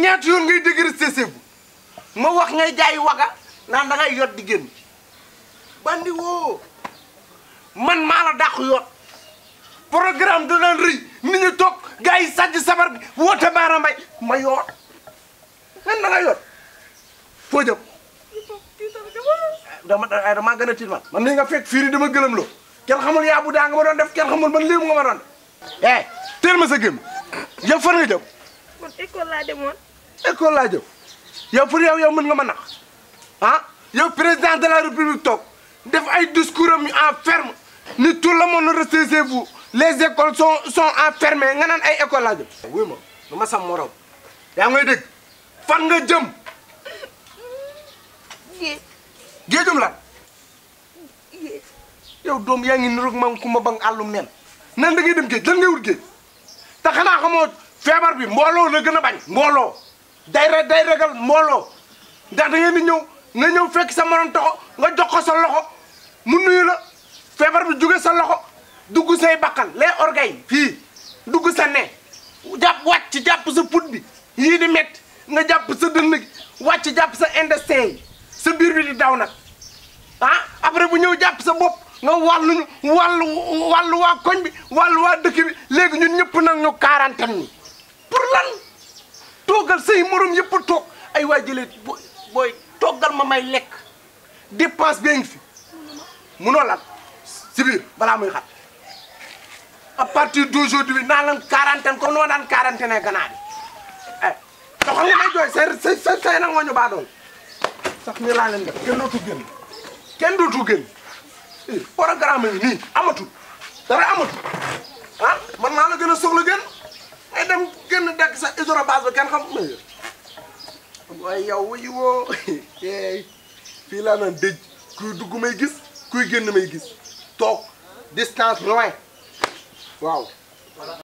ñaata yoon ngay dégg recessé ma wax ngay jaay waga naan da yot di génn bandi woo man maa la dàq yot programme da daan rëy nit ñu toog gars yi sàcc sabar bi woote baara ma yoot nan da ngay yot foo jëm dama dama gën a man man ni nga fekk fii dama gëlëm loo kenn xamul yaa bu daa nga ma doon def kenn xamul man léegi nga ma doon def eh. teel ma sa gëm yow nga jëm école laa jëm yow pour yow mën nga ma nax ah yow président de la république toog def ay discours am en ferme ni tout le monde restez chez vous les écoles sont sont enfermées nga naan ay école laa jëm. wuy ma du ma sam morom yaa ngay dégg fan nga jëm. géej géejum la. yow doom yaa ngi niroog ma ku ma bang àllum neen nan da ngay dem géej lan ngay wut géej te xanaa xamoo feebar bi mbooloo la gën a bañ mbooloo. dayra day ragal mbooloo ndax da ngeen di ñëw nga ñëw fekk sa morom toxo nga jox ko sa loxo mu nuyu la feebar bi jóge sa loxo dugg say bakkan les organes fii dugg sa ne jàpp wàcc jàpp sa put bi yii di métti nga jàpp sa dënn gi wàcc jàpp sa intestin yi sa biir bi di daw nag ah après bu ñëw jàpp sa bopp nga wàlluñu wàllu wàllu waa koñ bi wàllu waa dëkk bi léegi ñun ñëpp nag ñu quarantaine ni say morom yëpp a toog ay waa jëlee booy toggal ma may lekk dépense bee ngi fi munoo laal si biir balaa muy xat a partir d'aujourd'hui naa lan quarantaine comme noo daan quarantaine ay ganaar yi eh doxal nga may jooy say say say nangoo ñu baa doon sax ni laa leen kenn dootu génn kenn dootu génn eh, programme yi nii amatul dara amatul ah man naa la gën a soxla génn dem gën a dagg sa isorobase ba kenn xam waaye yow wuyu woo eh, fii laa dugg may gis kuy génn may gis toog distance loin waaw.